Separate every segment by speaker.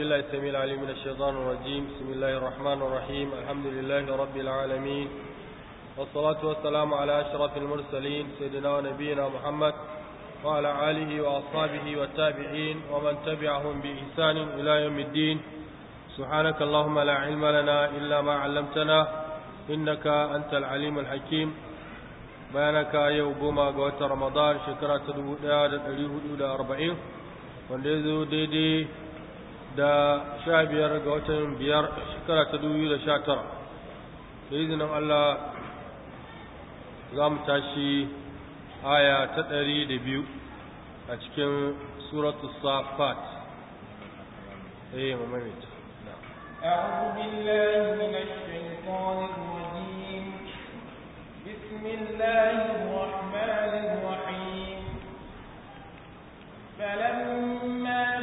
Speaker 1: بسم الله السميع العليم من الشيطان الرجيم بسم الله الرحمن الرحيم الحمد لله رب العالمين والصلاة والسلام على أشرف المرسلين سيدنا ونبينا محمد وعلى آله وأصحابه والتابعين ومن تبعهم بإحسان إلى يوم الدين سبحانك اللهم لا علم لنا إلا ما علمتنا إنك أنت العليم الحكيم بيانك يوم قوة رمضان شكرا تدبو دا دا دا da sha biyar ga watan biyar shekara ta dubu da sha tara da izinin Allah za mu tashi aya ta ɗari da biyu a cikin suratu safat eh mamamita
Speaker 2: أعوذ بالله من الشيطان الرجيم بسم الله الرحمن الرحيم فلما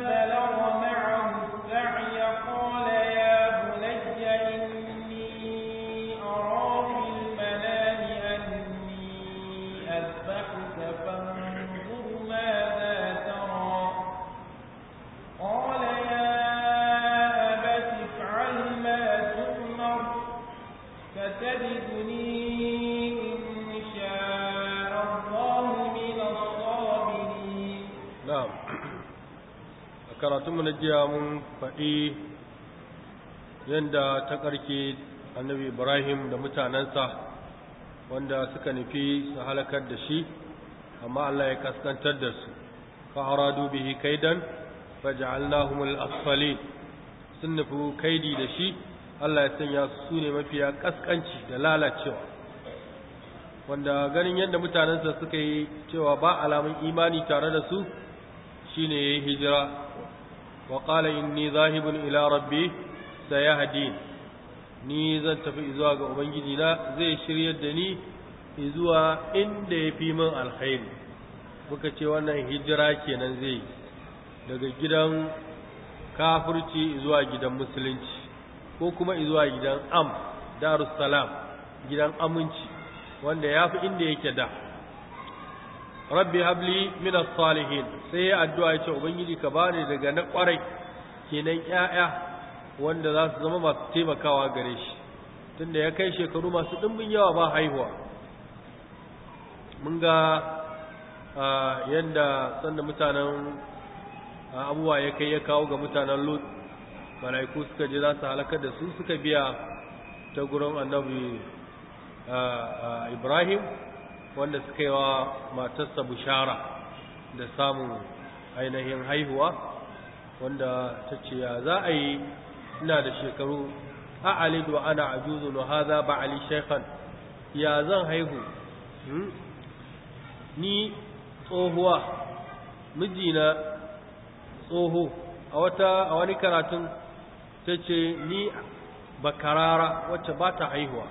Speaker 1: karatunmu na jiya mun faɗi yadda ta ƙarke annabi ibrahim da mutanensa wanda suka nufi su halakar da shi amma allah ya kaskantar da su aradu bihi kaidan faj'alnahum al-asfalin sun nufi kaidi da shi Allah ya sanya su ne mafiya kaskanci da lalacewa wanda ganin yadda mutanensa suka yi cewa ba alamun imani tare da su shine yayi hijira Waƙala qala inni zahibin ila rabbi sayahdin ni zan tafi izuwa ga ubangiji na zai shiryar da ni izuwa inda ya fi min alkhairi muka ce wannan hijira kenan zai daga gidan kafirci izuwa gidan musulunci ko kuma izuwa gidan am darussalam gidan aminci wanda ya fi inda yake da rabbi habli min salihin sai ya addu'a ya ce ubangiji ka bani daga na kwarai kenan ƴaƴa wanda za su zama masu taimakawa gare shi tunda ya kai shekaru masu dimbin yawa ba haihuwa mun ga yanda sanda mutanen abuwa ya kai ya kawo ga mutanen lut malaiku suka je za su halakar da su suka biya ta gurin annabi ibrahim wanda suka yi wa matarsa bushara da samun ainihin haihuwa wanda ta ce ya za a yi ina da shekaru a alidu wa ana ajuzun na haza ba ali shekhan ya zan haihu hmm? ni tsohuwa mijina tsoho a wata a wani karatun ta ce ni bakarara wacce ba ta haihuwa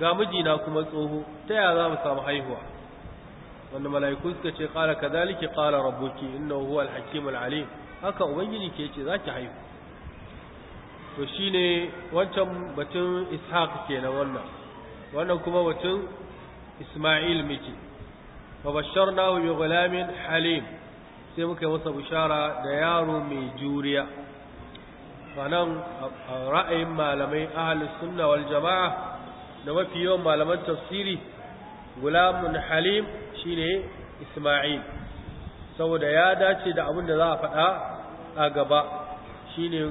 Speaker 1: ga mijina kuma tsoho ta yaya za mu samu haihuwa wanda mala'iku suka ce qala kadhalika qala rabbuki innahu huwal hakimul alim haka ubangiji ke ce zaki haihu to shine wancan batun ishaq na wannan wannan kuma batun isma'il miki fabasharnahu bi ghulamin halim sai muka yi masa bishara da yaro mai juriya a ra'ayin malamai ahlus sunna wal jama'a da mafi yawan malaman tafsiri gulamun halim shi ne isma'il saboda ya dace da abin da za a faɗa a gaba shi ne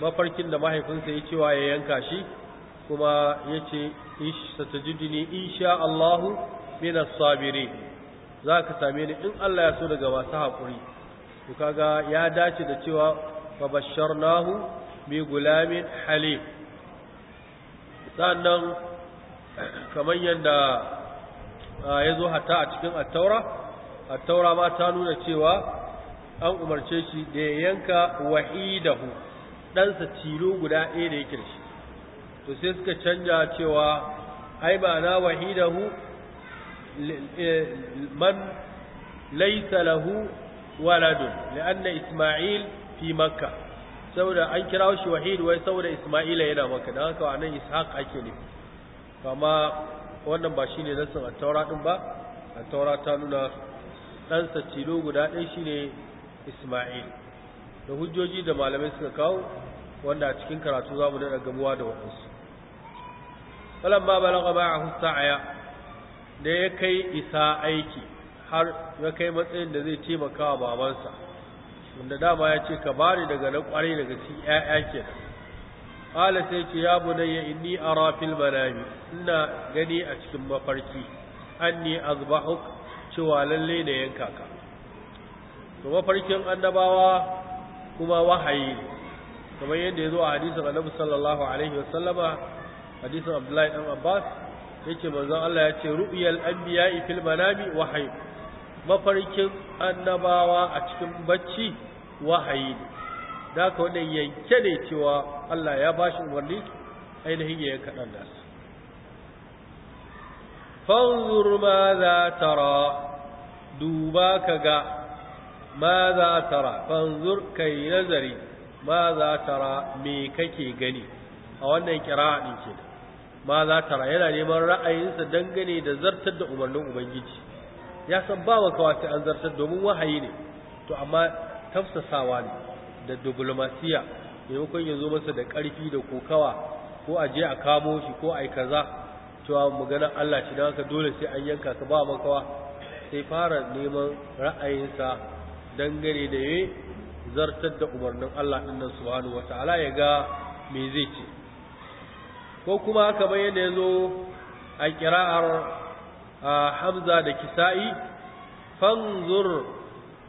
Speaker 1: mafarkin da mahaifinsa ya cewa ya yanka shi kuma ya ce satajidini insha Allahu mina sabiri za ka same ni in Allah ya so daga masu haƙuri to kaga ya dace da cewa fa basharnahu bi gulamin halim sannan kamar yadda ya zo hata a cikin attaura attaura ma ta nuna cewa an umarce shi da ya yanka wahidahu ɗansa tilo guda ɗaya da ya kirshi to sai suka canja cewa ai ba na wahidahu e, man laisa lahu waladun la'anna isma'il fi makka saboda an kira shi wahid wai saboda isma'ila yana makka dan haka wannan ishaq ake nufi kama wannan ba shi ne nassin san taura din ba at-taura ta nuna dan sa tilo guda ɗaya ne Isma'il da hujjoji da malamai suka kawo wanda a cikin karatu za mu daɗa gamuwa da waɗansu falamma balagha ma'ahu ya da ya kai isa aiki har ya kai matsayin da zai taimaka wa babansa wanda dama ya ce ka bari daga na kwarai daga cikin ƴaƴa kenan qala sai ce ya bunayya inni a fil manami ina gani a cikin mafarki anni azbahuk cewa lalle da yanka ka to mafarkin annabawa kuma wahayi kamar yadda ya zo a hadisin annabi sallallahu alaihi wa sallama, hadisin abdullahi dan abbas yake zan Allah ya ce ru'yal anbiya'i fil manami wahayi mafarkin annabawa a cikin bacci wahayi da ka wani yanke ne cewa Allah ya bashi umarni ainihin ya yanka ɗan su. fanzur ma za tara duba ka ga ma za tara fanzur kai nazari ma za tara me kake gani a wannan kira ɗin ke ma za tara yana neman ra'ayinsa dangane da zartar da umarnin ubangiji ya san ba wa kawata an zartar domin wahayi ne to amma tafsasawa ne da diplomasiya maimakon ya zo masa da ƙarfi da kokawa ko a je a kamo shi ko a yi kaza cewa maganar Allah shi don haka dole sai an yanka ka ba makawa sai fara neman ra'ayinsa dangane da ya zartar da umarnin Allah ɗin nan subhanahu wa ta'ala ya ga me zai ci? ko kuma kamar yadda ya zo a kira'ar hamza da kisa'i fanzur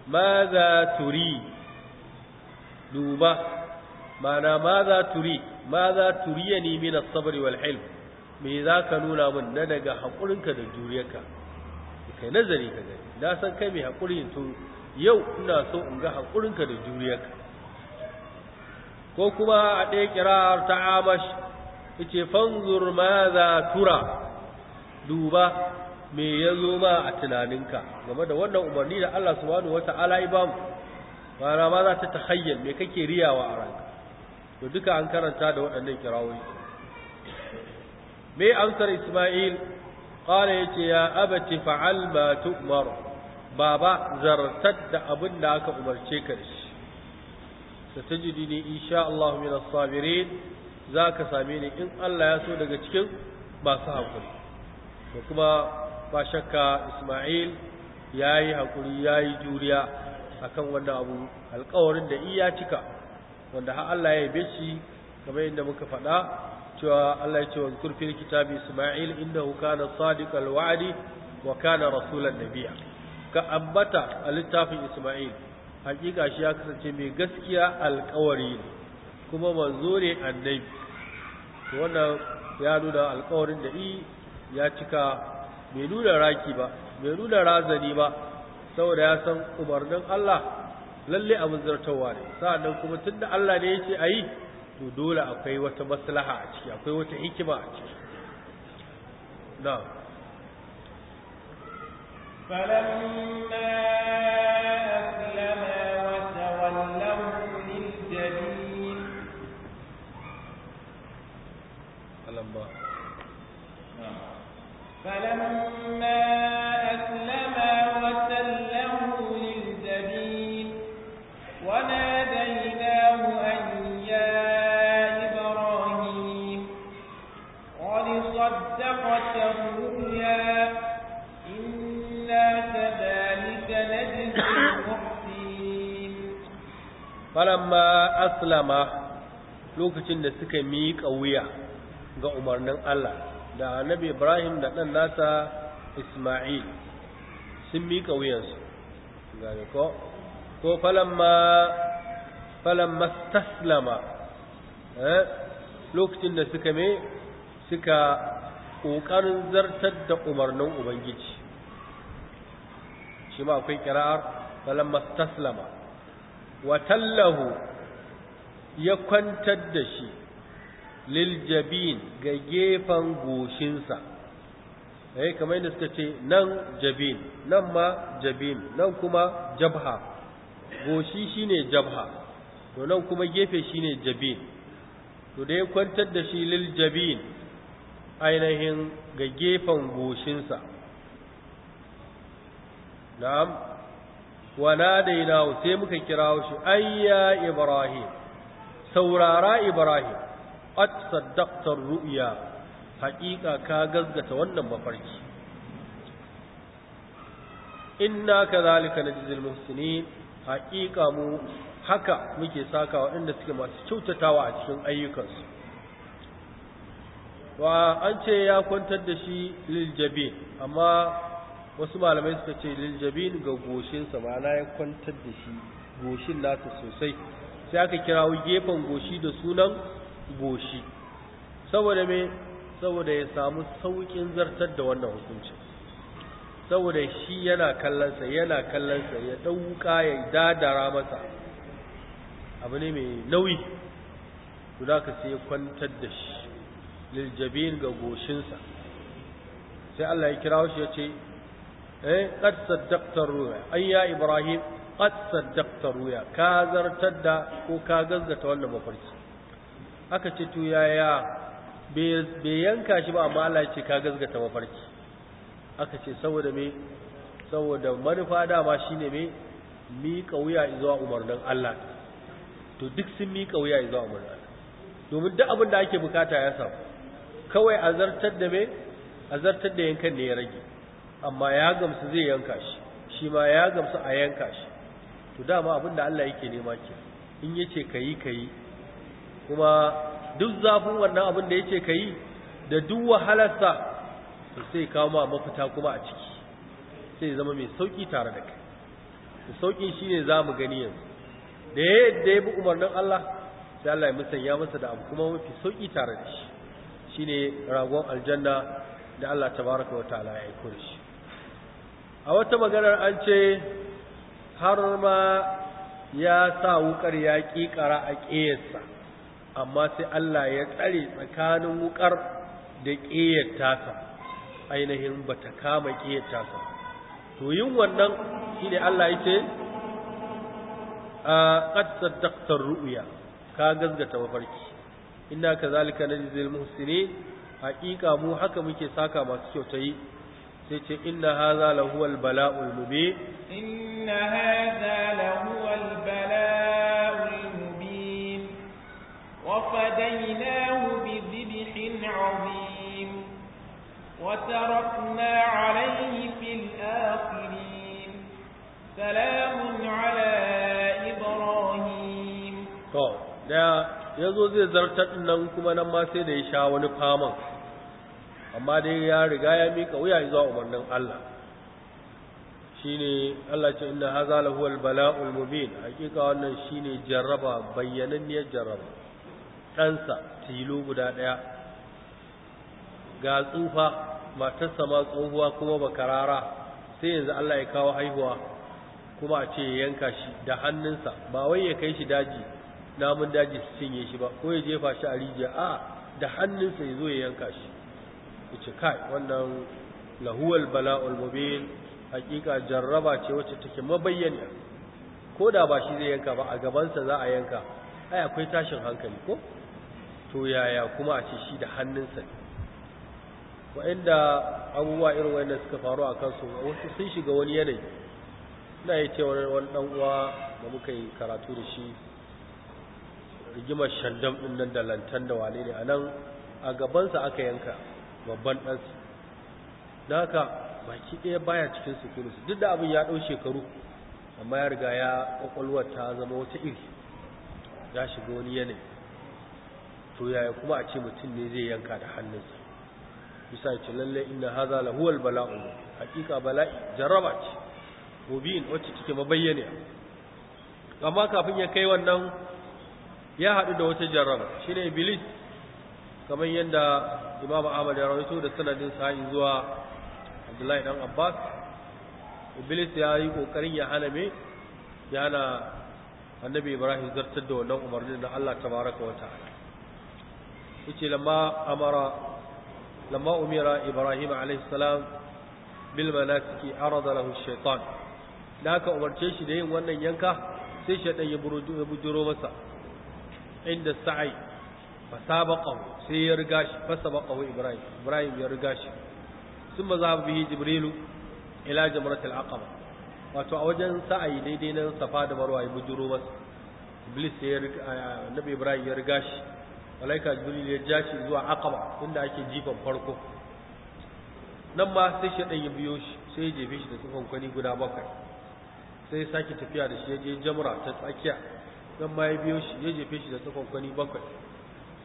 Speaker 1: ma za duba mana ma za turi ma za turiya ni min as-sabri wal hilm me za ka nuna min na daga haƙurinka da juriyarka kai nazari ka gani na san kai mai haƙuri tun yau ina so in ga haƙurinka da juriyarka ko kuma a ɗaya kirar ta amash ce fanzur ma za tura duba me ya zo ma a tunaninka game da wannan umarni da Allah subhanahu wata'ala ya bamu ma'ana ma za ta tahayyal me kake riyawa a ranka to duka an karanta da waɗannan kirawoyi mai amsar Isma'il qala yace ya abati fa'al ma tu'mar baba zartar da abin da aka umarce ka da shi satajidini insha Allah min as-sabirin zaka same ni in Allah ya so daga cikin masu hakuri da kuma ba shakka Isma'il yayi hakuri yayi juriya akan wanda abu alƙawarin da iya cika wanda har Allah ya yabe shi kamar yadda muka faɗa cewa Allah ya ce wa fil kitabi Isma'il innahu kana sadiqal wa'di wa kana rasulan nabiyya ka ambata a littafin Isma'il hakika shi ya kasance mai gaskiya alƙawari ne kuma manzo ne annabi wannan ya nuna alƙawarin da i cika bai nuna raki ba bai nuna razani ba saboda ya san umarnin Allah lalle abin zartawa ne sa'annan kuma tunda Allah ne yake yi, to dole akwai wata maslaha a ciki akwai wata hikima a ciki Na
Speaker 2: falamma aslama wa tawallahu lil-jabin falamma falamma
Speaker 1: falamma aslama lokacin da suka miƙa wuya ga umarnin Allah da annabi Ibrahim da ɗan nasa Ismail sun miƙa wuyansu gane ko ko falamma falamma taslama eh lokacin da suka me suka ƙoƙarin zartar da umarnin Ubangiji shi ma akwai ƙira'ar falamma taslama wa tallahu ya kwantar da shi liljabin ga gefen goshinsa eh kamar yadda suka ce nan jabin nan ma jabin nan kuma jabha goshi shine jabha to nan kuma gefe shine jabin to da ya kwantar da shi liljabin ainihin ga gefen goshinsa na'am da nadainahu sai muka kira shi ayya ibrahim saurara ibrahim at saddaqta ru'ya haqiqa ka gaggata wannan mafarki inna kadhalika najzil muhsinin haqiqa mu haka muke saka waɗanda suke masu kyautatawa a cikin ayyukansu wa an ce ya kwantar da shi lil jabi amma wasu malamai suka ce liljabin ga goshinsa ma'ana ya kwantar da shi goshin nasa sosai sai aka kirawo gefen goshi da sunan goshi saboda me saboda ya samu saukin zartar da wannan hukunci saboda shi yana kallonsa yana kallonsa ya dauka ya dadara masa abu ne mai nauyi guda ka sai kwantar da shi liljabin ga goshinsa sai Allah ya kira shi ya ce قد صدقت الرؤيا ruya يا ibrahim قد صدقت الرؤيا ka zartar da ko ka gaggata wannan mafarki aka ce to bai yanka shi ba amma ce ka gaggata mafarki aka ce saboda manufa dama shine me miƙa wuya zuwa umarnin Allah to duk sun miƙa domin duk abin da ake bukata ya samu kawai azartar da me azartar da yankan ne ya rage amma ya gamsu zai yanka shi shi ma ya gamsu a yanka shi to dama abin da Allah yake nema ke in yace kayi kayi kuma duk zafin wannan abin da yace kayi da duk wahalarsa to sai kawo ma mafita kuma a ciki sai zama mai sauki tare da kai to saukin shine zamu gani yanzu da yadda ya bi umarnin Allah sai Allah ya musanya masa da abu kuma mafi sauki tare da shi shine ragon aljanna da Allah tabaraka wa ta'ala ya aiko shi a wata maganar an ce har ma ya sa wukar ya ƙiƙara a ƙeyarsa amma sai Allah ya tsare tsakanin wukar da ƙiyar tasa ainihin ba ta kama ƙiyar tasa to yin wannan shi ne Allah ya ce a ƙasar daktar ru'uya ka gazgata mafarki inna ka zalika na jizil muhsini haƙiƙa mu haka muke saka masu kyautai sai ce inna haza lahu al bala'ul mubin
Speaker 2: inna haza lahu al bala'ul mubin wa fadaynahu bi dhibhin 'azim wa tarakna 'alayhi fil akhirin salamun 'ala ibrahim
Speaker 3: to da
Speaker 1: yazo zai zartar nan kuma nan ma sai da ya sha wani faman amma dai ya riga ya mika wuya zuwa umarnin Allah shine Allah ce inna hadha lahuwal balaul mubin hakika wannan shine jarraba bayyananniyar jarraba ɗansa tilo guda ɗaya ga tsufa matarsa ma tsohuwa kuma bakarara sai yanzu Allah ya kawo haihuwa kuma a ce ya yanka shi da hannunsa ba wai ya kai shi daji namun daji su cinye shi ba ko ya jefa shi a rijiya a da hannunsa ya zo ya yanka shi yace kai wannan lahuwal bala'ul mubin hakika jarraba ce wacce take mabayyana ko da ba shi zai yanka ba a gabansa za a yanka ai akwai tashin hankali ko to yaya kuma a ce shi da hannunsa wa'inda abubuwa irin wa'inda suka faru a kansu wasu sun shiga wani yanayi na yi ce wani ɗan uwa da muka yi karatu da shi rigimar shandam ɗin nan da lantan da wale ne a nan a gabansa aka yanka babban ɗansu da haka baki ɗaya baya cikin sukunusu duk da abin ya ɗau shekaru amma ya riga ya ƙwaƙwalwar ta zama wata iri ya shiga wani yanayi to yaya kuma a ce mutum ne zai yanka da hannunsa bisa ce lallai inna haza lahuwal bala'un hakika bala'i jarraba ce mubin wacce cike mabayyane amma kafin ya kai wannan ya haɗu da wata jarraba ne iblis kamar yadda imam ahmad ya rawaito da sanadin sa'i zuwa abdullahi dan abbas iblis ya yi kokarin ya hana me ya hana annabi ibrahim zartar da wannan umarnin da Allah ta wa ta'ala yace lamma amara lamma umira ibrahim alayhi salam bil manasiki arada lahu shaitan da ka umarce shi da yin wannan yanka sai shaytan ya bujuro masa inda sa'i fa sabaqahu sai ya riga shi fasa baƙawo ibrahim ibrahim ya riga shi sun ba za bihi jibrilu ila jamratul aqaba wato a wajen sa'ayi daidai nan safa da marwa ya bujuro masa iblis ya riga nabi ibrahim ya riga shi malaika jibril ya ja shi zuwa aqaba inda ake jifan farko nan ma sai shaɗan ya biyo shi sai ya jefe shi da tsufan kwani guda bakwai sai ya sake tafiya da shi ya je jamra ta tsakiya nan ma ya biyo shi ya jefe shi da tsufan kwani bakwai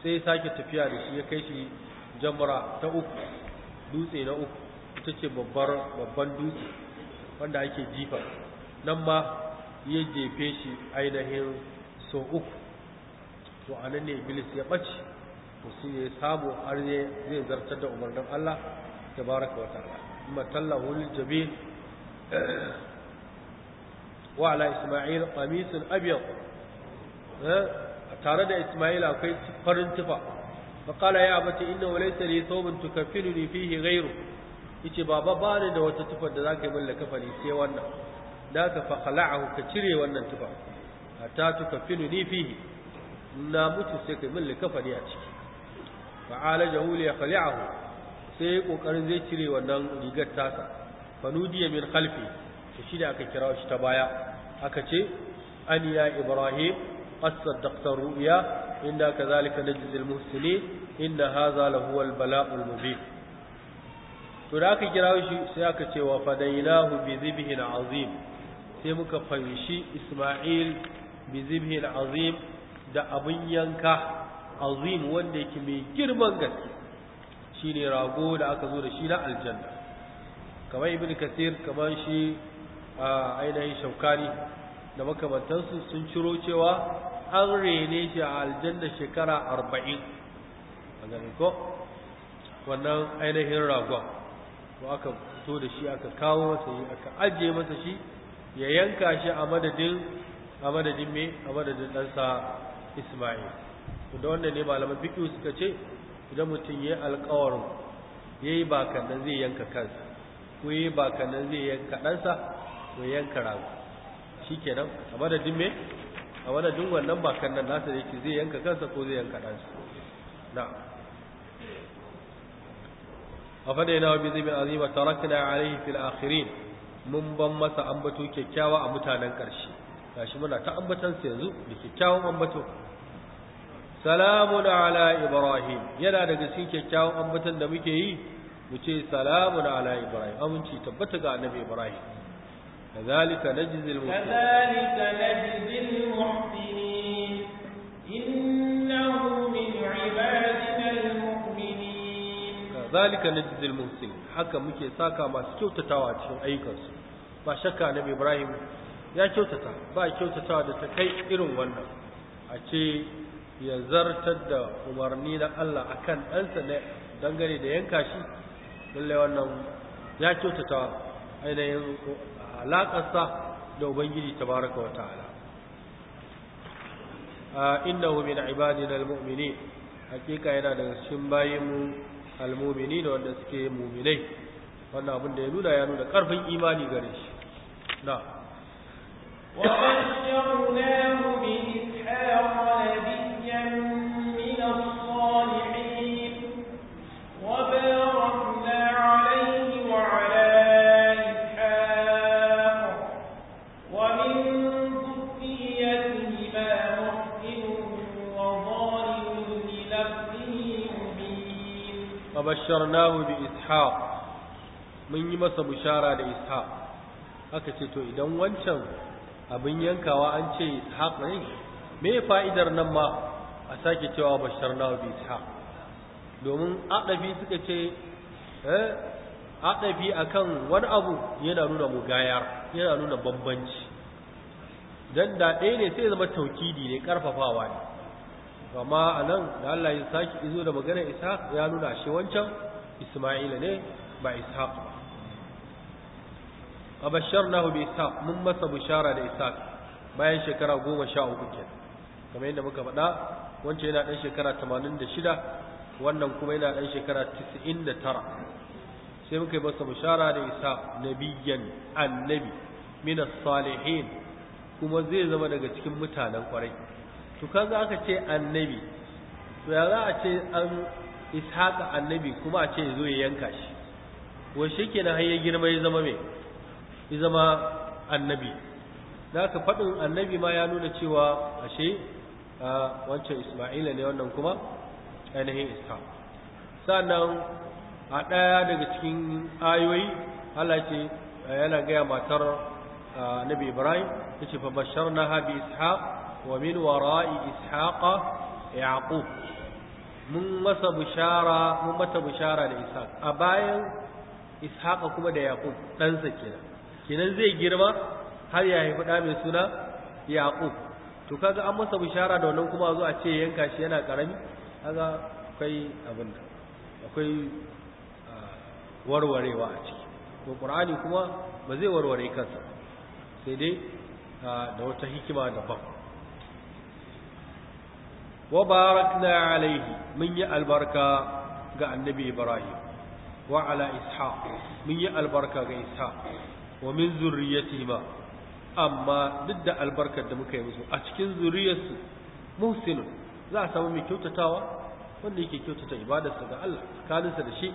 Speaker 1: sai ya sake tafiya da shi ya kai shi jamra ta uku dutse na uku ita ce babbar babban dutse wanda ake jifa nan ma ya jefe shi ainihin so uku to nan ne iblis ya ɓace to shi ne samu har zai zartar da umarnin Allah tabaraka wa ta'ala amma tallahu lil jabil wa ala isma'il qamisun abyad eh? tare da Isma'il akwai farin tufa fa qala ya abati inna walaysa li thawbun tukaffiluni fihi ghayru yace baba ba ni da wata tufa da zaka yi min lakafani sai wannan da ka fa khala'ahu ka cire wannan tufa hatta tukaffiluni fihi na mutu sai ka min lakafani a ciki fa alajahu li khala'ahu sai kokarin zai cire wannan rigar tasa fa nudiya min khalfi shi da aka kira shi ta baya aka ce an ya ibrahim قد صدقت الرؤيا إنا كذلك نجزي المحسنين إن هذا لهو البلاء المبين تراك cewa سياكة وفديناه بذبه sai muka fahimci Isma'il, بذبه عظيم da abin yanka azim wanda yake mai girman gaske shine rago da aka zo da shi na aljanna kamar ibn kasir kamar shi a ainihin shaukani da makamantansu sun ciro cewa an rene shi a aljanna shekara arba'in a ganin ko wannan ainihin ragon ko aka fito da shi aka kawo masa shi aka ajiye masa shi ya yanka shi a madadin a madadin me a madadin ɗansa ismail da wanda ne malaman biki suka ce idan mutum ya yi alƙawarin ya yi bakanan zai yanka kansa ko ya yi bakanan zai yanka ɗansa ko yanka rago shi kenan a madadin me a wani duk wannan bakan nan nasa da yake zai yanka kansa ko zai yanka ɗansa na
Speaker 3: a faɗa yana wa bizibin azima tarakna alaihi fil akhirin
Speaker 1: mun ban masa ambato kyakkyawa a mutanen ƙarshe gashi muna ta sa yanzu da kyakkyawan ambato salamun ala ibrahim yana daga cikin kyakkyawan ambatan da muke yi mu ce salamun ala ibrahim aminci tabbata ga annabi ibrahim كذلك na
Speaker 2: المحسنين
Speaker 1: كذلك نجزي haka muke saka masu kyautatawa a cikin ayyukansu ba shakka nabi ibrahim ya kyautata ba kyautatawa da ta kai irin wannan a ce ya zartar da umarni na Allah akan ɗansa ne dangane da yanka shi lallai wannan ya kyautatawa ainihin alaƙarsa da ubangiji baraka wa ta'ala innahu min na almu'minin hakika yana daga cikin mu almu'mini da wanda suke mu'minai wannan abin da ya nuna ya nuna ƙarfin imani gare shi na
Speaker 2: وبشرناه بإسحاق نبيا
Speaker 1: fabasharnahu bi ishaq mun yi masa bishara da ishaq aka ce to idan wancan abin yankawa an ce ishaq ne me fa'idar nan ma a sake cewa basharnahu bi ishaq domin adabi suka ce eh adabi akan wani abu yana nuna mugayar yana nuna bambanci dan da ɗaya ne sai zama taukidi ne karfafawa ne amma a nan da Allah ya saki izo da magana isa ya nuna shi wancan isma'ila ne ba isa ba a bashar bi isa mun masa bishara da isa bayan shekara goma sha uku kamar yadda muka faɗa wancan yana ɗan shekara tamanin da shida wannan kuma yana ɗan shekara tisa'in da tara sai muka yi masa bishara da isa nabiyan annabi min salihin kuma zai zama daga cikin mutanen kwarai to za ka ce annabi to ya za a ce an ishaƙa annabi kuma a ce ya zo ya yanka shi wai ke har ya girma ya zama mai, zama annabi da aka faɗin annabi ma ya nuna cewa ashe wancan isma'ila ne wannan kuma ainihin ishaq sannan a ɗaya daga cikin ayoyi Allah ce yana gaya matar nabi ibrahim ta ce fa bashar na habi ishaq wa min wara'i ishaqa yaqub mun masa mun mata bushara da ishaq a bayan ishaqa kuma da yaqub ɗansa kenan kenan zai girma har ya haifi ɗa mai suna yaqub to kaga an masa bishara da wannan kuma zo a ce yanka shi yana karami kaga akwai abin da akwai ah, warwarewa a ciki Ko qur'ani kuma ba zai warware kansa sai dai ah, da wata hikima daban wa barakna alayhi mun yi albarka ga annabi ibrahim wa ala ishaq mun yi albarka ga ishaq wa min zurriyati ma amma duk da albarkar da muka yi musu a cikin zuriyarsu muhsin za a samu mai kyautatawa wanda yake kyautata ibadarsa ga Allah tsakaninsa da shi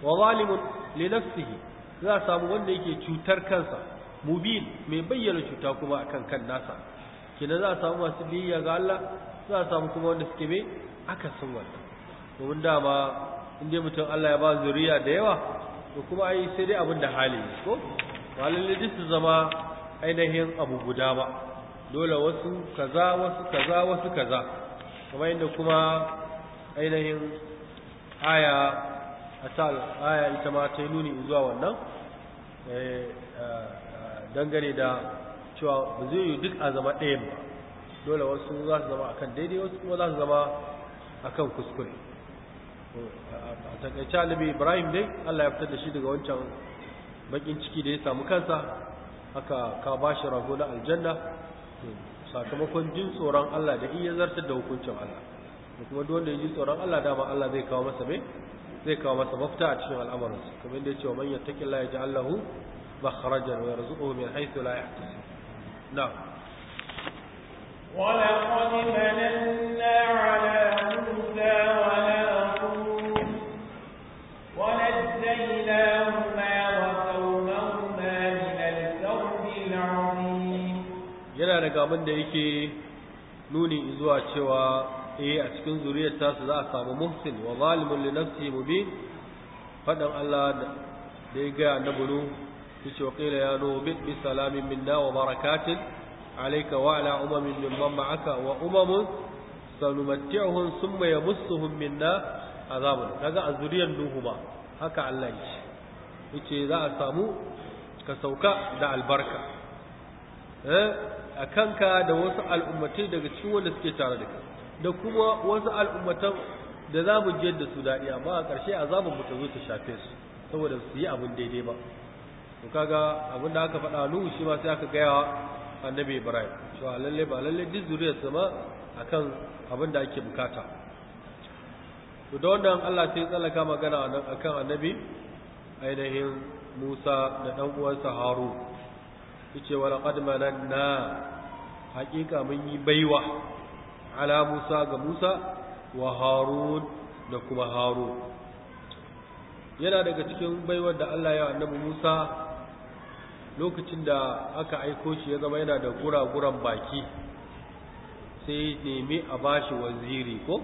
Speaker 1: wa zalimun li nafsihi za a samu wanda yake cutar kansa mubin mai bayyana cuta kuma akan kan nasa kina za a samu masu biyayya ga Allah za a samu kuma wanda suke mai san wannan domin dama inda mutum Allah ya ba zuriya da yawa to kuma ai sai dai abin da hali ko ba lalle duk su zama ainihin abu guda ba dole wasu kaza wasu kaza wasu kaza kamar inda kuma ainihin aya a aya ita ma ta yi nuni zuwa wannan eh, eh, dangane da cewa ba zai yi duk a zama ɗayan ba dole wasu za su zama akan daidai wasu kuma za su zama akan kuskure a takaice alibi ibrahim dai allah ya fitar da shi daga wancan bakin ciki da ya samu kansa haka ka ba shi rago na aljanna sakamakon jin tsoron allah da iya zartar da hukuncin allah da kuma dole ya ji tsoron allah dama allah zai kawo masa mai zai kawo masa mafita a cikin al'amuransa kamar da ya ce wa man yattaqi allah yaj'al lahu makhrajan wa yanzu, min haythu la yahtasib na'am yana daga abin da yake nuni zuwa cewa eh a cikin zuriyar tasu za a samu muhsin wa zalimun li nafsihi mubin fadan Allah da ya ga annabulu nu yace wa qila ya nu bi salamin minna wa barakatin alaika wa ala umamin mimman ma'aka wa umamun sanumatti'uhum thumma yamassuhum minna azabun kaga azuriyar nuhu ba haka Allah ya yace za a samu ka sauka da albarka eh ka da wasu al'ummatai daga cikin wanda suke tare da kai da kuma wasu al'ummatan da za mu jiyar da su daɗi amma a ƙarshe azabin mu ta zo ta shafe su saboda su yi abin daidai ba to kaga abin da aka faɗa nuhu shi ma sai aka gaya annabi ibrahim a lalle ba lalle duk zuriyar sama akan abin da ake bukata to da wannan Allah sai tsallaka magana nan akan annabi ainihin Musa da dan uwansa Harun yace wa laqad mananna haqiqa mun yi baiwa ala Musa ga Musa wa Harun da kuma Harun yana daga cikin baiwar da Allah ya annabi Musa lokacin da aka aiko shi ya zama yana da guraguran baki sai nemi a bashi waziri ko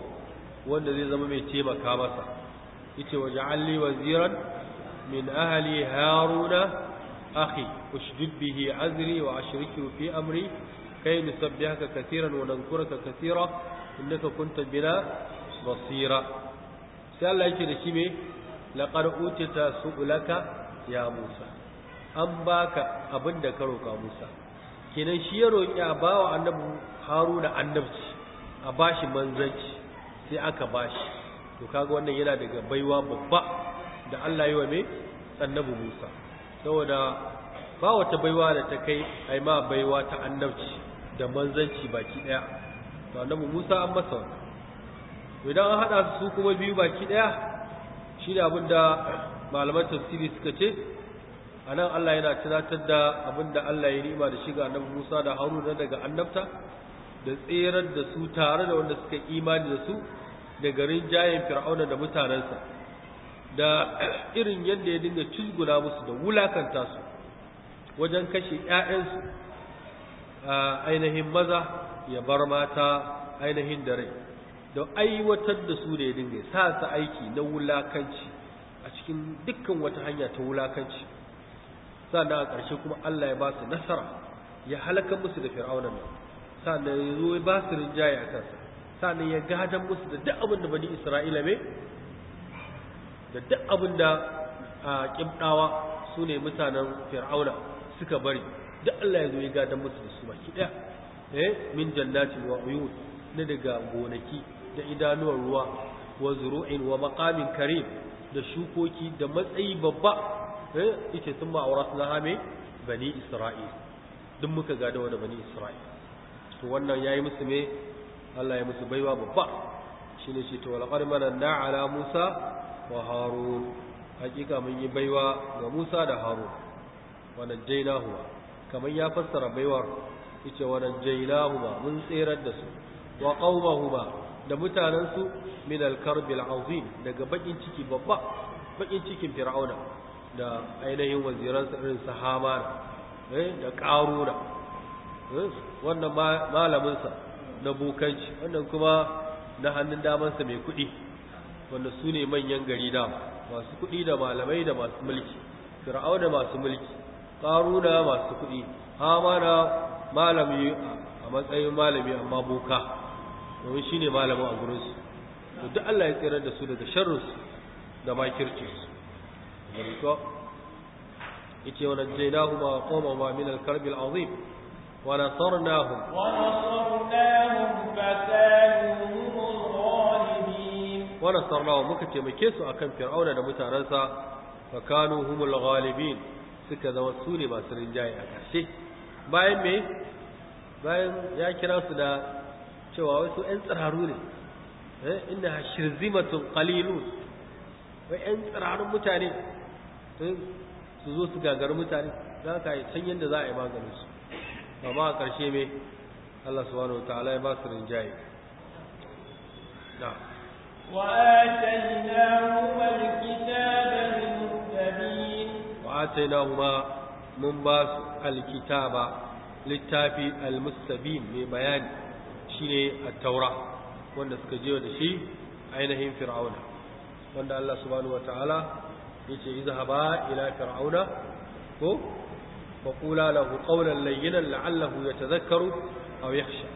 Speaker 1: wanda zai zama mai taimaka masa yace waj'alni waziran min ahli haruna akhi ushdid bihi azri wa ashriku fi amri kay nusabbihaka katiran wa nankuraka katira innaka kunta bina basira sai Allah yake da shi me laqad utita su'ulaka ya Musa an baka abin da ka roƙa Musa kenan shi ya roƙi a bawa annabi Haruna annabci a bashi manzanci sai aka bashi to kaga wannan yana daga baiwa babba da Allah yi wa mai, annabi Musa saboda ba wata baiwa da ta kai ai ma baiwa ta annabci da manzanci baki daya to annabi Musa an masa wannan idan an hada su kuma biyu baki ɗaya? shi da abinda malaman tafsiri suka ce a nan Allah yana tunatar da abin da Allah ya rima da shiga nan Musa da Haruna daga annabta da tserar da su tare da wanda suka imani da su da garin jayin fir'auna da mutanensa da irin yadda ya dinga cizguna musu da wulakanta su wajen kashe 'ya'yansu a ainihin maza ya bar mata ainihin da rai da aiwatar da su da ya dinga sa su aiki na wulakanci a cikin dukkan wata hanya ta wulakanci sannan a ƙarshe kuma Allah ya ba su nasara ya halaka musu da fir'aunan nan sannan ya zo ya ba su rinjaye a kansa sannan ya gadan musu da duk abin da bani isra'ila mai da duk abin da su ne mutanen fir'auna suka bari duk Allah ya zo ya gadan musu da su baki ɗaya eh min jannatin wa uyun na daga gonaki da idanuwar ruwa wa zuru'in wa maqamin karim da shukoki da matsayi babba eh yace sun ma na laha me bani isra'il duk muka gada da bani isra'il to wannan yayi musu me Allah ya musu baiwa babba shine ce to mana na ala musa wa harun hakika mun yi baiwa ga musa da harun wa huwa, kamar ya fassara baiwar yace wa huwa mun tserar da su wa huwa da mutanensu min alkarbil azim daga bakin ciki babba bakin cikin fir'auna da ainihin waziransa irin su hamana eh, da ƙaruna eh, wannan malaminsa na bukanci wannan kuma na hannun damansa mai kuɗi wanda su ne manyan gari da masu kuɗi da malamai da masu mulki fir'auna masu mulki ƙaruna masu kuɗi hamana malami a matsayin malami amma boka domin shi ne malamin a gurinsu duk Allah ya tsirar da su daga sharrinsu da makircinsu ko ite wala jaydahu azim wa nasarnahum
Speaker 2: wa nasarnahum
Speaker 1: fa kanu su akan fir'auna da mutaransa fa kanu humul ghalibin suka da wasuli ba rinjaye a kashi bayan ya kira da cewa wasu su ɗan tsararu ne eh inna shirzimatu qalilun wa ɗan tsararu mutane su zo su gagari mutane za ka yi san yadda za a yi maganin su amma a ƙarshe me Allah subhanahu wa ta'ala ya ba su rinjaye
Speaker 3: kuma mun ba su
Speaker 1: وآتيناهما ba littafi الكتاب mai bayani shi ne a taura, wanda suka je da shi ainihin fir'auna wanda Allah subhanahu ta'ala. yace izhaba ila fir'auna ko faqula lahu qawlan layyinan la'allahu yatadhakkaru aw yakhsha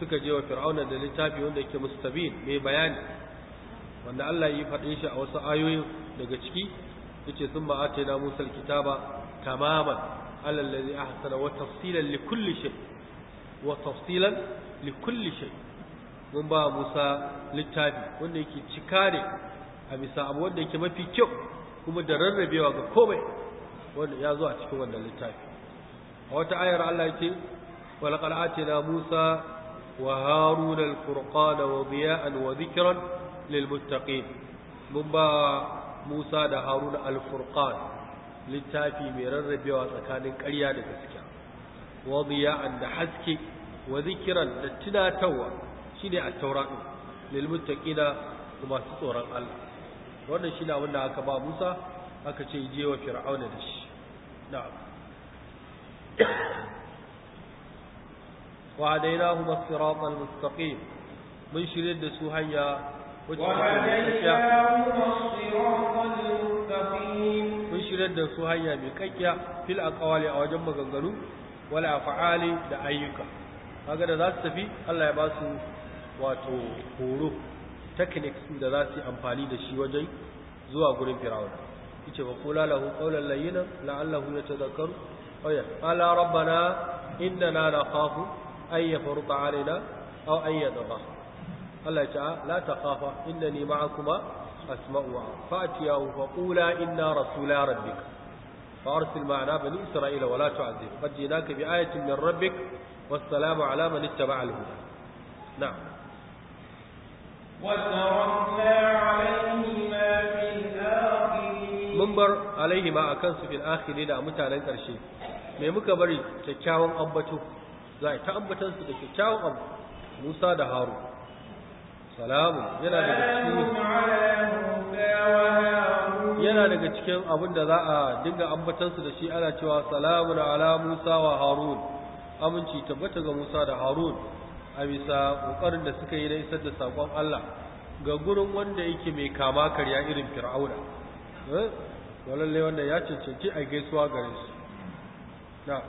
Speaker 1: suka je wa fir'auna da littafi wanda yake mustabin mai bayani wanda Allah ya faɗe shi a wasu ayoyin daga ciki yace sun ba atayna Musa kitaba tamaman ala allazi ahsana wa tafsilan li kulli shay wa tafsilan li kulli shay mun ba Musa littafi wanda yake cika ne a bisa abu wanda yake mafi kyau kuma da rarrabewa ga komai wanda ya zo a cikin wannan littafi a wata ayar Allah yake walaqad atina Musa wa Harun al-Furqana wa diya'an wa dhikran lil muttaqin mun ba Musa da Harun al-Furqan littafi mai rarrabewa tsakanin ƙarya da gaskiya wa diya'an da haske wa dhikran da tunatarwa shine a taurat lil muttaqina kuma su tsoron Allah wannan shi na wanda aka ba musa aka ce je wa fir'auna da shi na'am wa hadainahu as-sirata al-mustaqim mun shirye da su hanya mun shirya da su hanya mai kakkiya fil aqwali a wajen maganganu wal af'ali da ayyuka kaga da za su tafi Allah ya ba su wato horo techniques da za su yi amfani da shi wajen zuwa gurin fir'auna yace ba qula lahu qawlan layyinan la'allahu ya yatadhakkaru aw ya qala rabbana da nakhafu an yafruta alaina au an ba. Allah ya ce la takhafa a ma'akuma asma'u wa fatiyahu fa qula inna rasula rabbika فأرسل معنا ta إسرائيل ولا تعذب قد جئناك بآية من ربك والسلام على من اتبع الهدى نعم mun bar alaihi ma akan su fil akhiri da mutanen ƙarshe. me muka bari kyakkyawan ambato za a ta ambatan su da kyakkyawan abu Musa da Haru salamu
Speaker 2: yana daga cikin
Speaker 1: abin da za a dinga ambatan su da shi ana cewa salamun ala Musa wa Harun aminci tabbata ga Musa da Harun a bisa ƙoƙarin da suka yi na isar da saƙon Allah ga gurin wanda yake mai kama karya irin fir'auna walalle eh? wanda ya cancanci a gaisuwa gare su na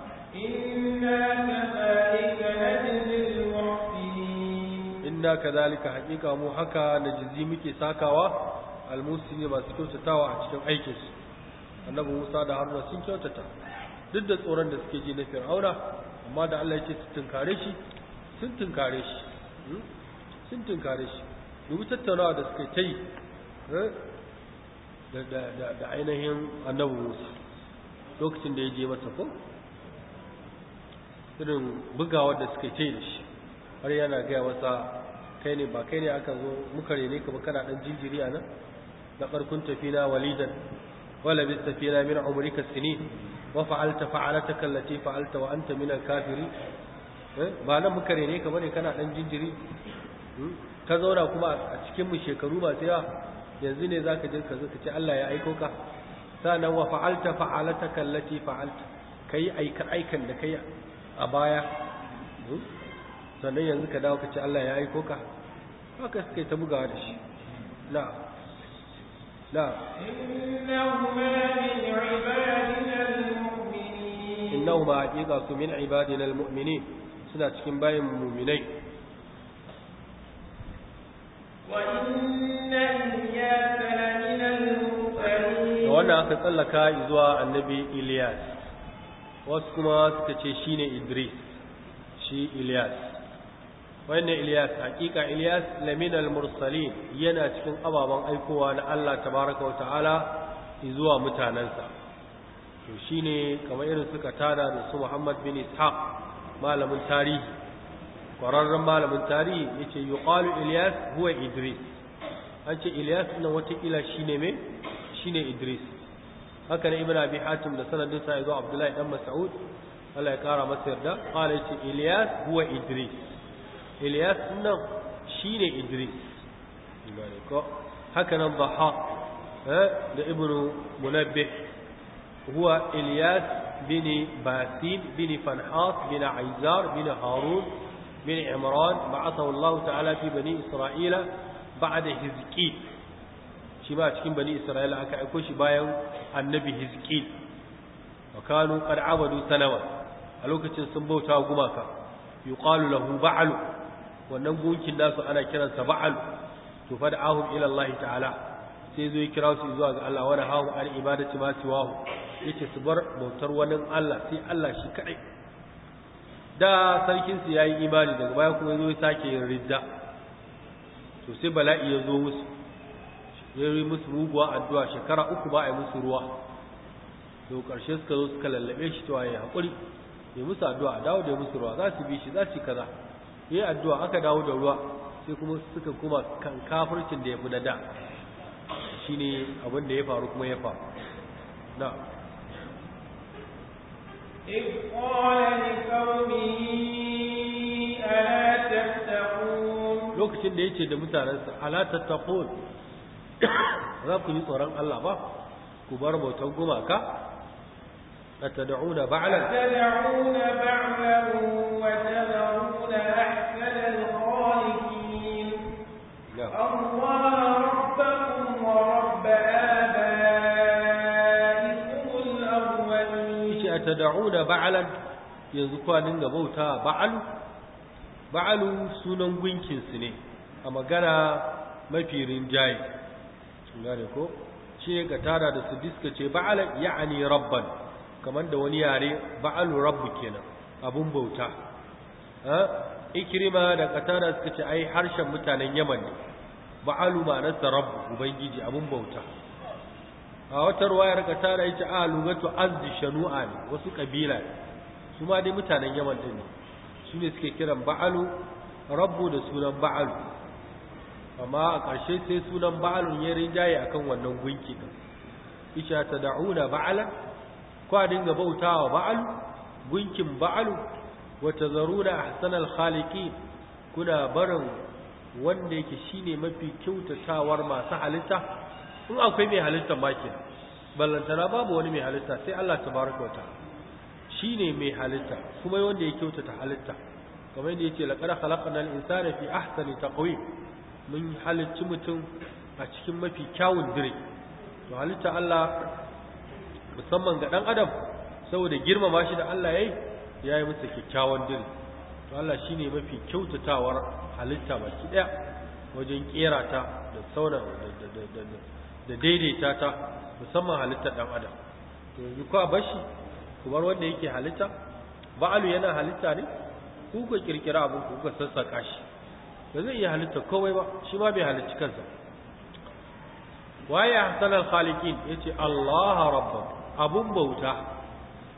Speaker 1: inna kadhalika haqiqa mu haka najzi muke sakawa almusini masu kyautatawa a cikin aikinsu annabi Musa da Haruna sun kyautata duk da tsoron da suke ji na Fir'auna amma da Allah yake su tunkare shi sun tunkare shi hmm? sun tunkare shi dubu tattaunawa da suka ta yi hmm? da ainihin annabu musa lokacin da ya je masa ko irin bugawa da suka ta yi da shi har yana gaya masa kai ne ba kai ne aka zo muka rene ka ba kana dan jinjiri a nan na ƙarkun tafi na walidan wala bi tafi na min umrika sinin wa fa'alta fa'alataka allati fa'alta wa anta min al-kafirin Eh? ba nan muka rene ka bane kana dan jinjiri hmm? ka zauna kuma a cikin mu shekaru ba sai yanzu ne zaka je ka zo ka ce Allah ya aiko ka sanan wa fa'alta fa'alataka allati fa'alta kai aika aikan da kai a baya hmm? sannan yanzu ka dawo ka ce Allah ya aiko ka haka suka yi ta bugawa da shi na na
Speaker 3: innahu ma haƙiƙa
Speaker 1: su min ibadina al-mu'minin suna cikin bayin muminai
Speaker 2: da wannan aka
Speaker 1: tsallaka zuwa annabi Iliyas wasu kuma suka ce shi ne Idris shi Iliyas wannan Iliyas hakika iliyas laminal mursalin yana cikin ababen aikowa na Allah tabaraka wa ta'ala zuwa mutanensa to ne kamar irin suka tada da su Muhammad bin Ishaq malamin tarihi ƙwararren malamin tarihi ya ce yuƙalu ilias huwa idris an ce ilias na watakila shi ne mai shi ne idris haka ne ibn bi hatim da sanadin sa zuwa abdullahi dan Masa'ud Allah ya kara masa yarda qala ya ce ilias huwa idris ilias nan shi ne idris haka nan ha eh, da ibnu Munabbe huwa ilias بن باسيل بن فنحاس بن عيزار بن هارون بن عمران بعثه الله تعالى في بني إسرائيل بعد هزكيل شما تكين بني إسرائيل أكا أكوش بايو النبي هزكيل وكانوا قد عبدوا سنوات ألوكة سنبو تاغماك يقال له بعل انك الناس أنا كنا سبعل تفدعهم إلى الله تعالى سيزو يكراو سيزو أقال الله ونهاهم عن إبادة ما سواه yake su bar bautar wani Allah sai Allah shi kaɗai da sarkinsu ya yi imani daga baya kuma zo ya sake yin ridda to sai bala'i ya zo musu ya yi musu ruguwa addu'a shekara uku ba a yi musu ruwa to ƙarshe suka zo suka lallaɓe shi to a yi haƙuri ya musu addu'a a dawo da musu ruwa za su bi shi za su kaza ya yi addu'a aka dawo da ruwa sai kuma suka kuma kan kafircin da ya fi da da shi ne abin da ya faru kuma ya faru na'am lokacin da ya ce da mutanensa ta taƙon za ku yi tsoron Allah ba ku bar bautan gumaka a tada'una ba'alan tada'una ba'alan wa tada'una ahsanal khaliqin
Speaker 2: Allah
Speaker 1: tad'una ba'alan yanzu kuwa dinga bauta ba'alu ba'alu sunan gunkin su ne a magana mafi rinjaye gane ko ce ga tara da su diska ce ba'alan ya'ani rabban kamar da wani yare ba'alu rabbu kenan abun bauta ikirima da katara suka ce ai harshen mutanen yaman ne ba'alu ma'anarsa rabbu ubangiji abun bauta a wata ruwayar ka tara yake a ah, lugatu azdi shanu'a ne wasu kabila ne su ma dai mutanen yaman din ne su ne suke kiran ba'alu rabbu da sunan ba'alu amma a ƙarshe sai sunan ba'alun ya rinjaye akan wannan gunki din isha da'una ba'ala a dinga bautawa ba'alu gunkin ba'alu wata wa a ahsanal khaliki kuna barin wanda yake shine mafi kyautatawar masu halitta in akwai mai halitta ma kenan ballantana babu wani mai halitta sai Allah tabaraka wa ta'ala shine mai halitta kuma wanda ya kyautata halitta kamar yadda yake laqad khalaqnal insana fi ahsani taqwim mun halicci mutum a cikin mafi kyawun dire to halitta Allah musamman ga dan adam saboda girmama shi da Allah ya yi, ya yi masa kyakkyawan dire to Allah shine mafi kyautatawar halitta baki daya wajen kera ta da sauran da da daidaita ta musamman halittar dan adam to yanzu ko bashi ku bar wanda yake halitta ba'alu yana halitta ne ku ku kirkira abin ku ku sassaka shi ba zai iya halitta kowai ba shi ma bai halicci kansa hasan al khaliqin yace Allah rabbak abun bauta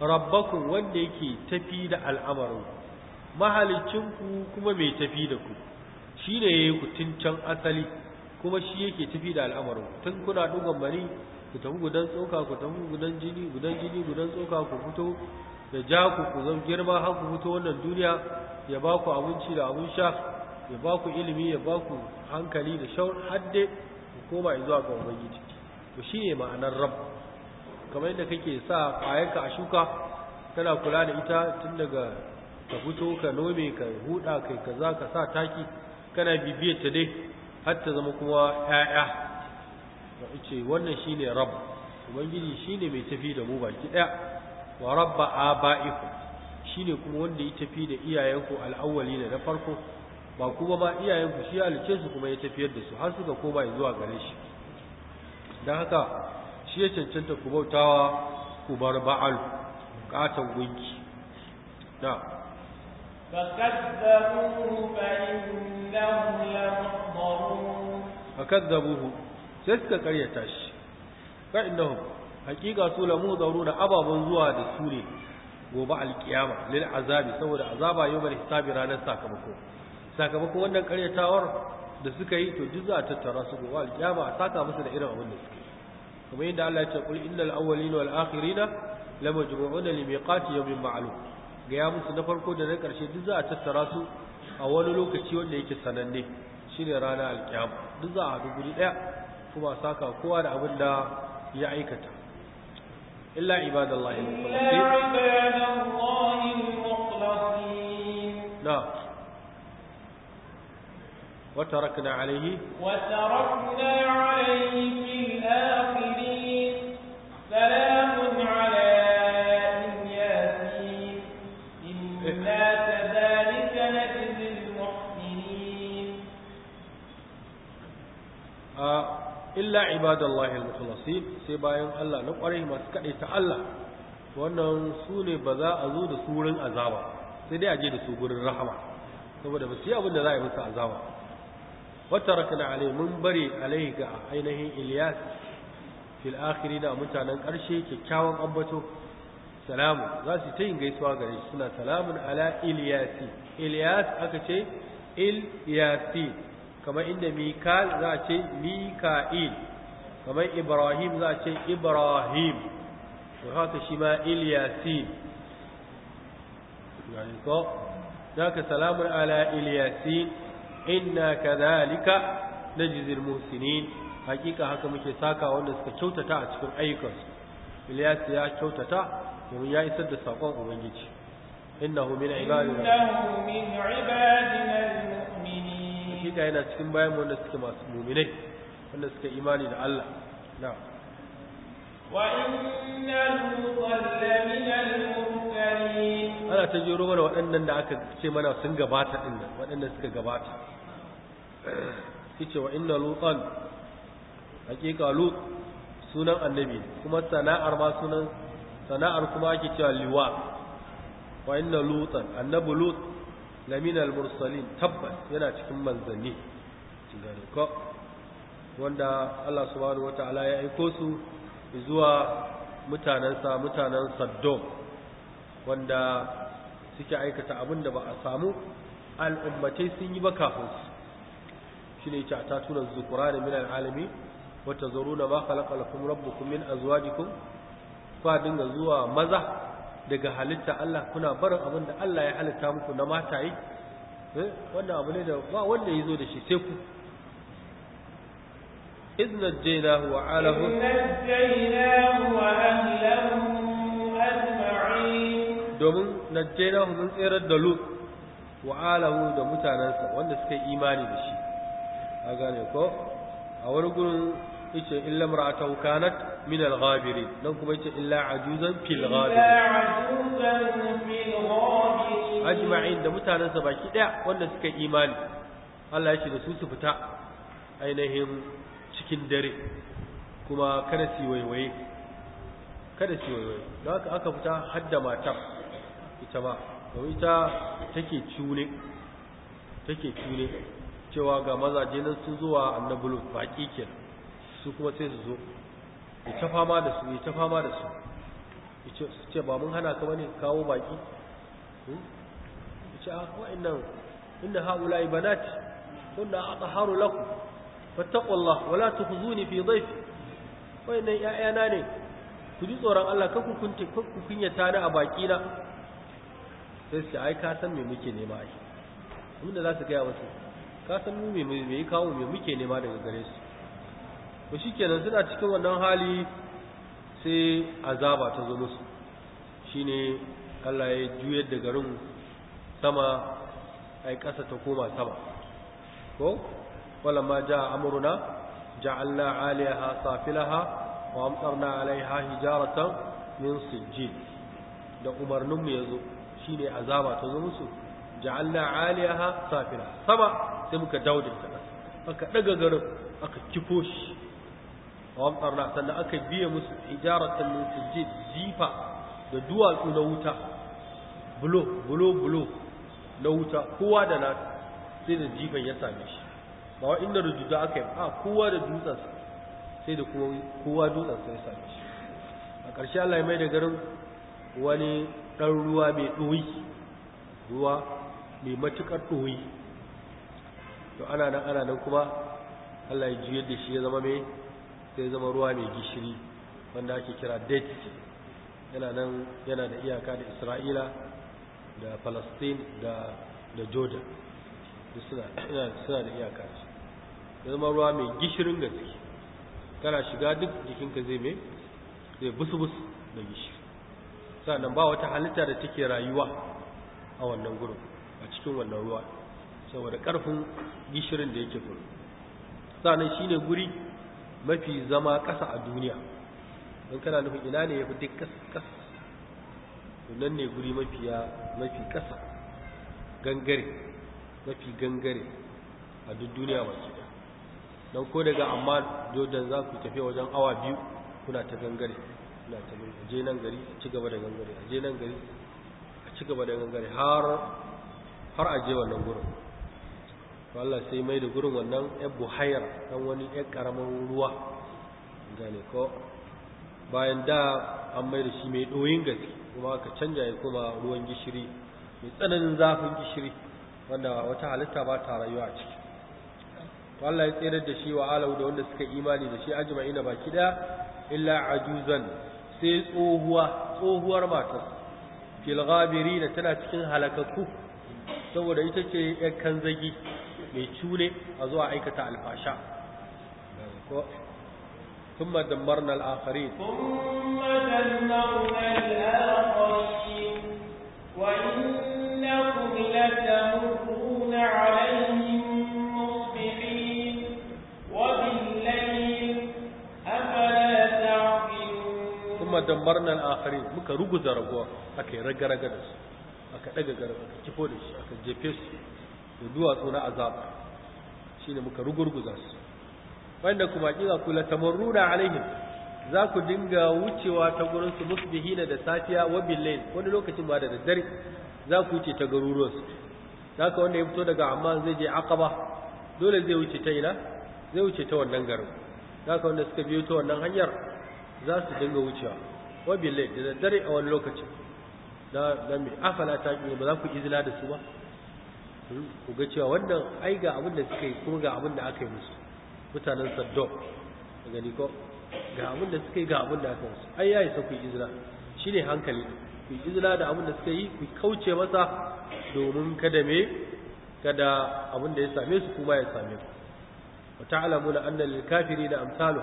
Speaker 1: rabbaku wanda yake tafi da al'amarin mahalicin ku kuma mai tafi da ku shi ne yayi ku asali kuma shi yake tafi da al'amarin tun kuna dugan mari ku tafi gudan tsoka ku tafi gudan jini gudan jini gudan tsoka ku fito da ja ku ku zama girma har ku fito wannan duniya ya ba ku abinci da abin sha ya ba ku ilimi ya ba ku hankali da shaun hadde ku koma zuwa ga ubangiji to shi ne ma'anar rab kamar yadda kake sa kayanka a shuka kana kula da ita tun daga ka fito ka nome ka huda kai kaza ka sa taki kana bibiyar ta dai har ta zama kuma ƴaƴa da ce wannan shi shine rab ubangiji ne mai tafi da mu baki ɗaya wa rabba a ba'iku shi ne kuma wanda ya tafi da iyayenku da na farko ba kuma ma iyayenku shi halice su kuma ya tafiyar da su har suka koma zuwa gare shi don haka shi ya cancanta ku bautawa ku bar ba'al katan gunki na
Speaker 2: فكذبوه فإنهم كفروا
Speaker 1: فكذبوه سيسك كريتاش فإنهم حقيقة سلموا ضرون أبا بنزوها دسولي وبع القيامة للعذاب سوى العذاب يوم الحساب رانا ساكمكو ساكمكو وانا كريتاور da suka yi to duk za a tattara su gowa alƙiyama a saka musu da irin abin da suke kuma yadda Allah ya ce kul innal awwalina wal akhirina lamajmu'una limiqati yawmin ma'lum ga ya musu na farko da na ƙarshe duk za a tattara su a wani lokaci wanda yake sananne shine rana alkiyama duk za a haɗu guri ɗaya kuma saka kowa da abin da ya aikata illa ibadallahi
Speaker 2: al-mukhlasin na
Speaker 1: وتركنا عليه
Speaker 2: وتركنا عليه في الآخرين سلام
Speaker 1: ibadallahi al sai bayan Allah na kwarai masu kade ta Allah wannan su ne ba za a zo da su wurin azaba sai dai a je da su gurin rahama saboda ba su yi abin da za a yi musu azaba wata rakana a mun bari alai ga ainihin Iliyas fil akhiri da mutanen karshe kyakkyawan ambato salamu za su ta yin gaisuwa gare shi suna salamun ala Iliyasi, Iliyas aka ce Ilyasi kamar inda Mikal za a ce Mika'il kamar ibrahim za a ce ibrahim da haka shi ma ilyasin yani ko ka salamun ala ilyasin inna kadhalika najzil muhsinin hakika haka muke saka wanda suka kyautata a cikin ayyukansu ilyas ya kyautata domin ya isar da sakon ubangiji innahu min ibadina
Speaker 2: innahu min ibadina almu'minin
Speaker 1: yana cikin bayan wanda suke masu mu'minai wanda suka imani da Allah na ana ta jero mana waɗannan da aka ce mana sun gabata ɗin nan waɗannan suka gabata ce, wa inna lutsan, hakika lut sunan annabi kuma sana'ar ma sunan sana'ar kuma ake cewa liwa wa inna lutsan, annabi lut lamina al-mursalin tabbas yana cikin manzanni ko wanda Allah subhanahu wata'ala ya aiko su zuwa mutanansa mutanen Saddam wanda suke aikata abin da ba a samu al'ummatai sun yi ba kafin su shine yace atatuna zukurani min alami wa tazuruna ma khalaqa lakum rabbukum min azwajikum fa dinga zuwa maza daga halitta Allah kuna barin abin da Allah ya halitta muku na mataye eh, wannan abu ne da ba wanda ya zo da shi sai ku إذ نجيناه وعاله إذ
Speaker 2: نجيناه وأهله أجمعين domin
Speaker 1: najjaina mun tsirar da Lut wa alahu da mutanansa wanda suka yi imani da shi a gane ko a wani gurin yace illa mar'atu kanat min al-ghabirin dan kuma yace illa ajuzan fil ghabirin ajma'in da mutanansa baki daya wanda suka yi imani Allah ya ce da su su fita ainihin cikin dare kuma kada su waiwaye kada su waiwaye don haka aka fita hadda matar ita ba kawai ita take cune take cune cewa ga mazaje nan sun zuwa annabulu baki ke su kuma sai su zo ita fama da su ita fama da
Speaker 3: su
Speaker 1: su ce ba mun hana ka bane kawo baki ita a wa'annan inna haula ibanati kunna atharu lakum wa wala tukhzuni fi dhayfi inna 'ya'yana ne ku ji tsoron Allah ka ku kunta ku kunyata ni a baki na sai sai ai ka san me muke nema ai mun da za su gaya wasu ka san mu me me kawo me muke nema daga gare su to shikenan suna cikin wannan hali sai azaba ta zo musu shine Allah ya juyar da garin sama ai ƙasa ta koma sama ko ولما جاء أمرنا جعلنا عاليها صافلها وأمطرنا عليها هجارة من سجيل da umarninmu ya zo shi ne azaba ta zo musu ja'alna aliyaha safira sama sai muka dawo da aka daga garin aka kifo shi a wamtsarna sannan aka biya musu hijaratan min sujjid jifa da duwatsu na wuta bulo bulo bulo na wuta kowa da na sai da jifan ya same shi ba wa inda rujuta aka yi a kowa da dutsen sai da kowa dutsen ya sami shi a ƙarshe Allah ya mai da garin wani ɗan ruwa mai ɗoyi ruwa mai matuƙar ɗoyi to ana nan ana nan kuma Allah ya juyar da shi ya zama mai sai zama ruwa mai gishiri wanda ake kira dead yana nan yana da iyaka da Isra'ila da Palestine da Jordan suna da iyaka ya zama ruwa mai gishirin gaske kana shiga duk jikinka zai mai zai busu-busu da gishiri sannan ba wata halitta da take rayuwa a wannan gurin a cikin wannan ruwa saboda karfin gishirin da yake gurin sannan shi ne guri mafi zama ƙasa a duniya don kana nufin ina ne ya fi duk ƙasa nan ne guri mafi ƙasa gangare mafi gangare a duk duniya baki don ko daga amma jordan za ku tafi wajen awa biyu kuna ta gangare na ta gangare je nan gari a ci gaba da gangare a je nan gari a ci gaba da gangare
Speaker 3: har
Speaker 1: a je wannan gurin to Allah sai mai da gurin wannan yan buhayar dan wani yan karamin ruwa gane ko bayan da an mai da shi mai doyin gaske kuma aka canja ya kuma ruwan gishiri mai tsananin zafin gishiri wanda wata halitta ba ta rayuwa a ciki to Allah ya tsere da shi wa alahu da wanda suka imani da shi ajma'ina baki da illa ajuzan sai tsohuwa tsohuwar matar fil ghabirin tana cikin halakaku saboda ita ce yar kanzagi mai cule a zuwa aikata alfasha ثم دمرنا الآخرين
Speaker 3: al دمرنا الآخرين وإنكم
Speaker 2: لتمرون عليهم
Speaker 1: wadammarnal akhari muka ruguza raguwa aka yi ragaraga da su aka daga garba aka kifo da shi aka jefe su da duwatsu na azab shine muka ruguza su wanda kuma kila kula tamarruna alaihim za ku dinga wucewa ta gurin su musbihina da safiya wa billail wani lokacin ba da daddare za ku wuce ta garuruwan su haka wanda ya fito daga amma zai je aqaba dole zai wuce ta ila zai wuce ta wannan garin haka wanda suka biyo ta wannan hanyar za su dinga wucewa wa billahi da daddare a wani lokaci da da me afala ta ki ba za ku izila da su ba ku ga cewa wannan ai ga abin da suka yi kuma ga abin da aka yi musu mutanen saddo gani ko ga abin da suka yi ga abin da aka musu ai yayi sa ku izila shine hankali ku izila da abin da suka yi ku kauce masa domin kada me kada abin da ya same su kuma ya same ku wa ta'lamuna anna lil kafirina amsalu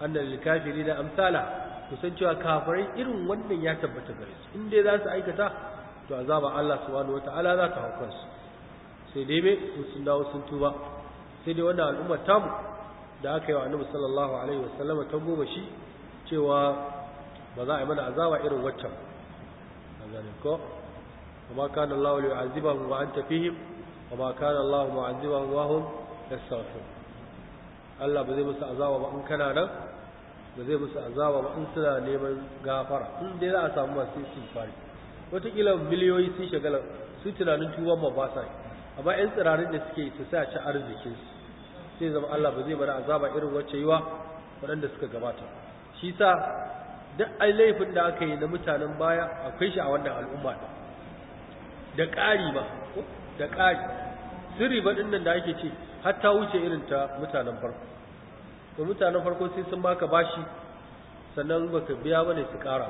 Speaker 1: anna lil kafirina amsala ku san cewa kafirai irin wannan ya tabbata gare su in za su aikata to azaba Allah subhanahu wataala za ta hukun su sai dai me sun dawo sun tuba sai dai wannan al'umma tamu da aka yi wa annabi sallallahu alaihi wasallam ta goma shi cewa ba za a yi mana azaba irin waccan zanen ko وما Wa الله ليعذبهم وأنت kan Allah mu azaba wa hum يستغفرون Allah ba zai musu azaba ba in kana nan ba zai musu azaba ba in suna neman gafara in dai za a samu masu istighfari wataƙila miliyoyi sun shagala su tunanin tuban ma ba sa amma yan tsirarin da suke su sa ci arzikin sai zama Allah ba zai bari azaba irin wacce yi wa waɗanda suka gabata shi sa duk ai laifin da aka yi na mutanen baya akwai shi a wannan al'umma da ƙari ba da ƙari sirri ba ɗin nan da ake ce hatta wuce irin ta mutanen farko to mutanen farko sai sun baka bashi sannan baka biya ba ne su ƙara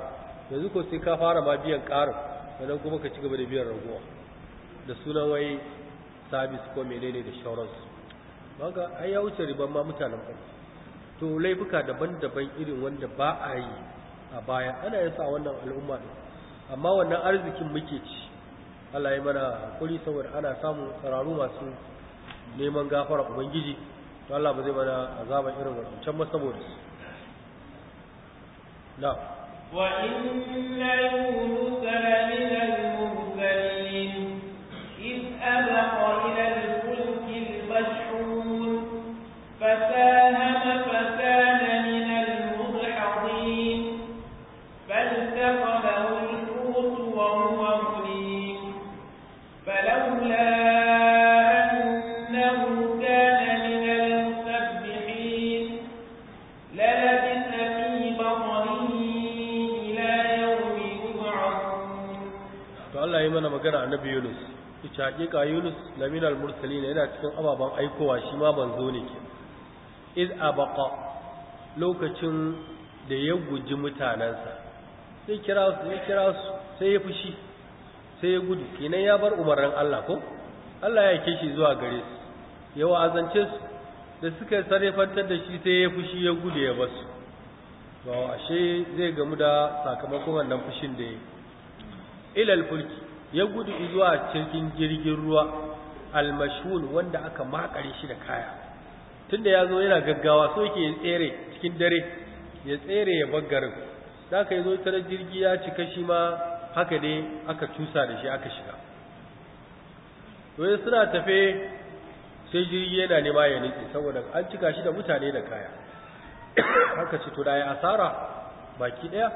Speaker 1: yanzu ko sai ka fara ma biyan ƙarin sannan kuma ka ci gaba da biyan raguwa da sunan wai sabis ko menene da shauransu baka ai ya wuce riban ma mutanen farko to laifuka daban-daban irin wanda ba a yi a baya ana yin sa wannan al'umma din amma wannan arzikin muke ci Allah ya mana hakuri saboda ana samun tsararu masu neman gafara ubangiji to Allah ba zai bada azaban irin wancan ba saboda su na
Speaker 2: wa inna yunus la min
Speaker 1: magana annabi Yunus ita hakika Yunus lamin mursali mursalin yana cikin ababan aikowa shi ma ban zo ne ke iz abaqa lokacin da ya guji mutanansa sai kira su sai kira su sai ya fushi sai ya gudu kenan ya bar umarnin Allah ko Allah ya kishi shi zuwa gare su ya wa'azance su da suka fantar da shi sai ya fushi ya gudu ya basu ba ashe zai gamu da sakamakon wannan fushin da ya ilal fulki ya gudu zuwa cikin jirgin ruwa almashhul wanda aka makare shi da kaya tunda ya zo yana gaggawa so yake tsere cikin dare ya tsere ya bar da ka yi zo tare jirgi ya cika shi ma haka dai aka cusa da shi aka shiga to suna tafe sai jirgi yana nema ya nitse saboda an cika shi da mutane da kaya haka ci to da ya asara baki daya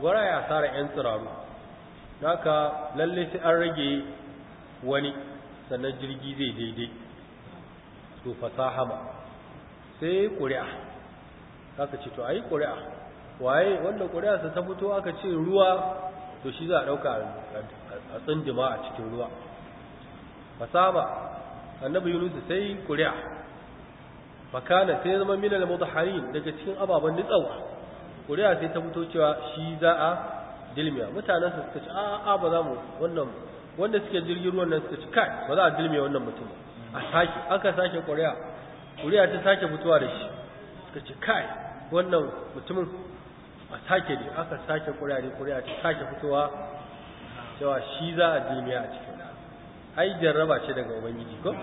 Speaker 1: wara ya asara yan tsaro. haka lalle sai an rage wani sannan jirgi zai daidai to fasaha ba sai ƙuri'a haka ce to a yi ƙuri'a waye wanda ƙuri'a ta fito aka ce ruwa to shi za a ɗauka a tsindima a cikin ruwa Fasaha ba annabi yunus sai ƙuri'a makana sai zama minal mutaharin daga cikin ababen nitsawa ƙuri'a sai ta fito cewa shi za a dilmiya mutanen su suka ce a a ba za mu wannan wanda suke jirgin ruwan nan suka ce kai ba za a dilmiya wannan mutum a sake aka sake ƙuri'a ƙuri'a ta sake fitowa da shi suka ce kai wannan mutumin a sake ne aka sake ƙuri'a ne ƙuri'a ta sake fitowa cewa shi za a dilmiya a cikin ai jarraba ce daga ubangiji ko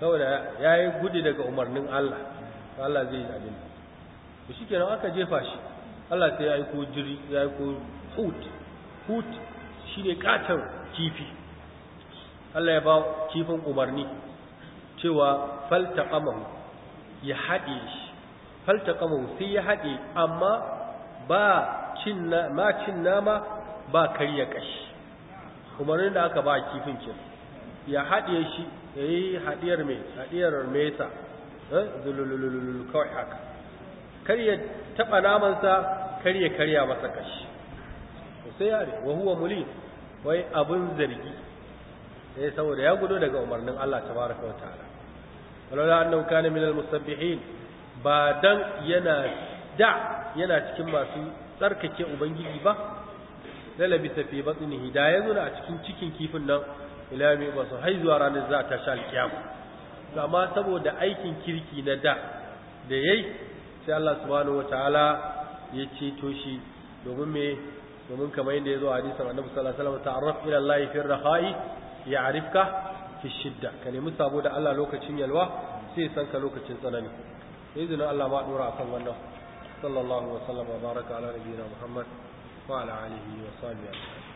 Speaker 1: saboda ya yi gudu daga umarnin Allah Allah zai yi abin shi kenan aka jefa shi Allah sai ya aiko jiri ya aiko hut hut ne katar kifi Allah ya ba kifin umarni cewa faltaqamahu ya haɗe shi faltaqamahu sai ya haɗe amma ba cin ma cin nama ba karya kashi umarnin da aka ba kifin kin ya hade shi yi hadiyar me hadiyar mesa eh zulululul kawai haka karya taba namansa sa karya karya masa kashi sai yare wa huwa muli wai abun zargi eh saboda ya gudu daga umarnin Allah tabaraka wa ta'ala walaula annahu kana al musabbihin ba dan yana da yana cikin masu tsarkake ubangiji ba lalabi tafi batsinihi da ya zo a cikin cikin kifin nan ila mai ba su haizuwa ranar za ta sha alkiyama amma saboda aikin kirki na da da yayi sai Allah subhanahu ta'ala ya ce to shi domin me domin kamar yadda ya zo a hadisin annabi sallallahu alaihi wasallam ta'arraf ila Allah fi rakhai ya'rifka fi shidda ka nemi sabo da Allah lokacin yalwa sai san ka lokacin tsanani izinin Allah ma dora akan wannan sallallahu alaihi wasallam wa baraka ala nabiyyina Muhammad wa ala alihi wa sahbihi